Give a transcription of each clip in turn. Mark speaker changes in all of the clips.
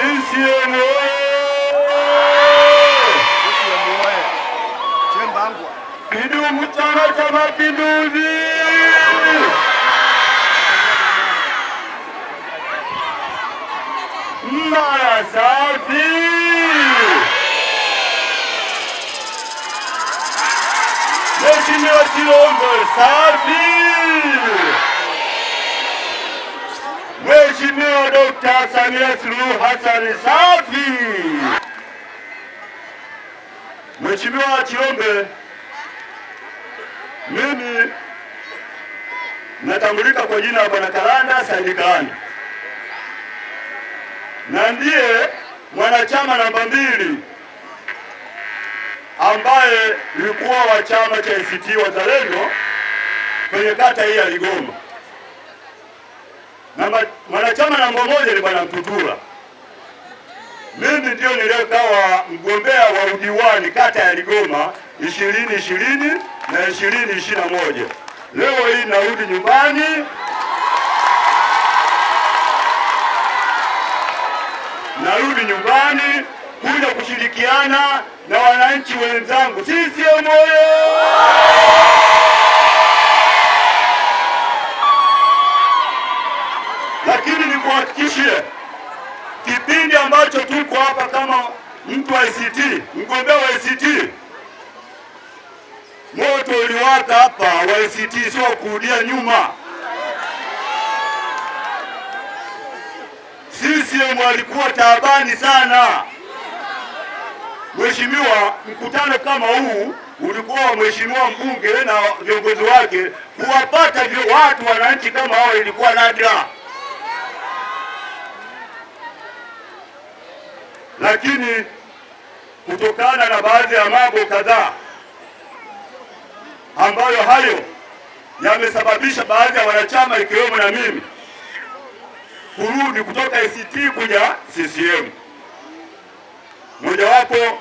Speaker 1: CCM Kidumu Chama cha Mapinduzi. Mara safi. Mheshimiwa Chilombo Dr. Samia Suluhu Hassan safi. Mheshimiwa Chiombe, mimi natambulika kwa jina la Bwana Kalanda Saidi Kalanda na ndiye mwanachama namba mbili ambaye nilikuwa wa chama cha ACT Wazalendo kwenye kata hii ya Ligoma. Namba mwanachama namba moja ni bwana Mtutula. Mimi ndio niliyekawa mgombea wa udiwani kata ya Ligoma ishirini ishirini na ishirini ishirini na moja. Leo hii narudi nyumbani narudi nyumbani kuja kushirikiana na wananchi wenzangu. CCM oyee! niwahakikishie kipindi ambacho tuko hapa kama mtu wa ICT, mgombea wa ICT, moto uliwaka hapa wa ICT, sio kurudia nyuma. CCM alikuwa taabani sana. Mheshimiwa, mkutano kama huu ulikuwa wa mheshimiwa mbunge na viongozi wake, kuwapata watu wananchi kama hao ilikuwa nadra. lakini kutokana na baadhi ya mambo kadhaa ambayo hayo yamesababisha baadhi ya wanachama ikiwemo na mimi kurudi kutoka ACT kuja CCM. Mojawapo,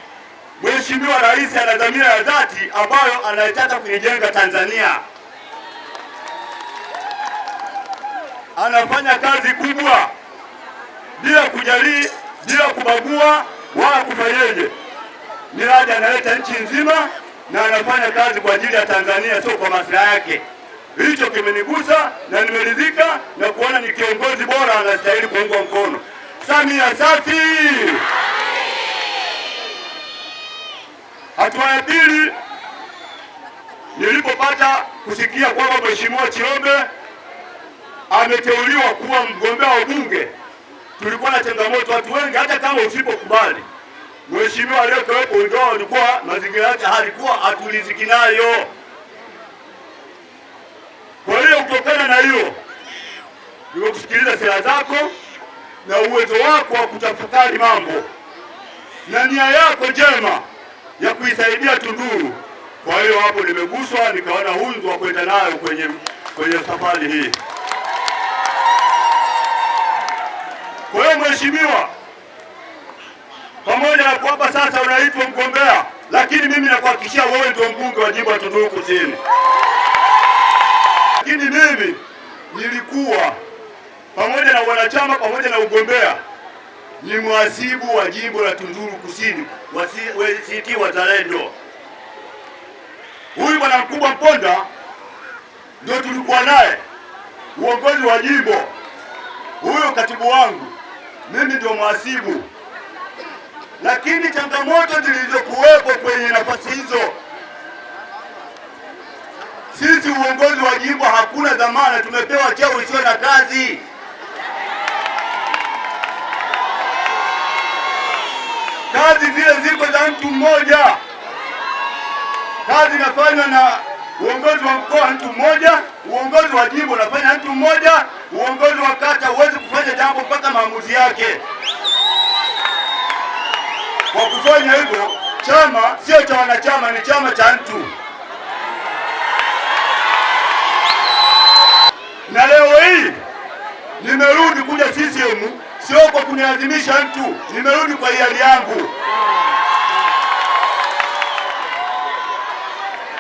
Speaker 1: Mheshimiwa Rais ana dhamira ya dhati ambayo anaitaka kuijenga Tanzania. Anafanya kazi kubwa bila kujali bila kubagua wala kufanyeje. Miradi analeta nchi nzima na anafanya kazi kwa ajili ya Tanzania, sio kwa maslahi yake. Hicho kimenigusa na nimeridhika na kuona ni kiongozi bora anastahili kuungwa mkono. Samia safi! Hatua ya pili, nilipopata kusikia kwamba Mheshimiwa chiombe ameteuliwa kuwa mgombea wa ubunge tulikuwa na changamoto. Watu wengi hata kama usipokubali, mheshimiwa aliyekuwepo ndio walikuwa mazingira yake halikuwa atuliziki nayo. Kwa hiyo kutokana na hiyo nimekusikiliza sera zako na uwezo wako wa kutafakari mambo na nia yako njema ya kuisaidia Tunduru. Kwa hiyo hapo nimeguswa, nikaona huyu wa kwenda nayo kwenye, kwenye safari hii. Kwa hiyo mheshimiwa, pamoja na kwamba sasa unaitwa mgombea, lakini mimi nakuhakikishia wewe ndio mbunge wa jimbo la Tunduru Kusini. Lakini mimi nilikuwa pamoja na wanachama pamoja na ugombea ni mhasibu wa jimbo la Tunduru Kusini wa Wazalendo. Huyu bwana mkubwa Mponda ndio tulikuwa naye uongozi wa jimbo, huyo katibu wangu mimi ndio mhasibu, lakini changamoto zilizokuwepo kwenye nafasi hizo, sisi uongozi wa jimbo hakuna dhamana, tumepewa cheo isiyo na kazi. Kazi zile ziko za mtu mmoja, kazi inafanywa na uongozi wa mkoa mtu mmoja, uongozi wa jimbo unafanya mtu mmoja Uongozi wa kata huwezi kufanya jambo mpaka maamuzi yake. Kwa kufanya hivyo, chama sio cha wanachama, ni chama cha mtu. Na leo hii nimerudi kuja CCM sio kwa kuniadhimisha mtu, nimerudi kwa hiari yangu.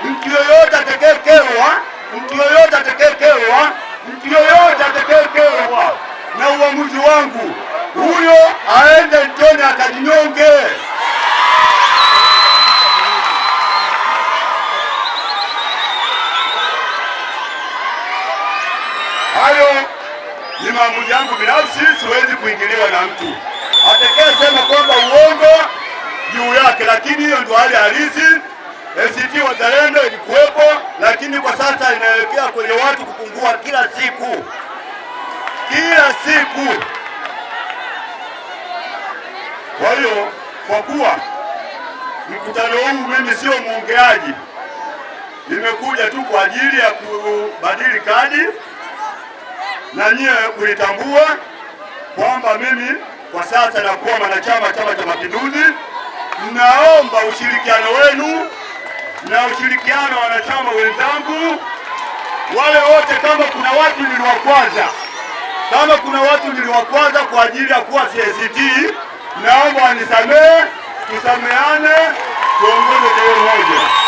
Speaker 1: Mtu yoyote atakayekerwa, mtu yoyote atakayekerwa mtu yoyote atakayekerwa na uamuzi wangu, huyo aende mtoni akajinyonge. Hayo ni maamuzi yangu binafsi, siwezi kuingiliwa na mtu atakayesema kwamba uongo juu yake, lakini hiyo ndio hali halisi. ACT Wazalendo ilikuwepo, lakini kwa sasa inaelekea kwenye watu kupungua kila siku, kila siku. Kwa hiyo kwa kuwa mkutano huu mimi sio muongeaji, nimekuja tu kwa ajili ya kubadili kadi, na nyie kulitambua kwamba mimi kwa sasa nakuwa mwanachama Chama cha Mapinduzi. Naomba ushirikiano wenu na ushirikiano wa wanachama wenzangu wale wote. Kama kuna watu niliwakwaza, kama kuna watu niliwakwaza kwa ajili ya kuwa cct naomba wanisamehe, tusameane, tuongoze kwa moja.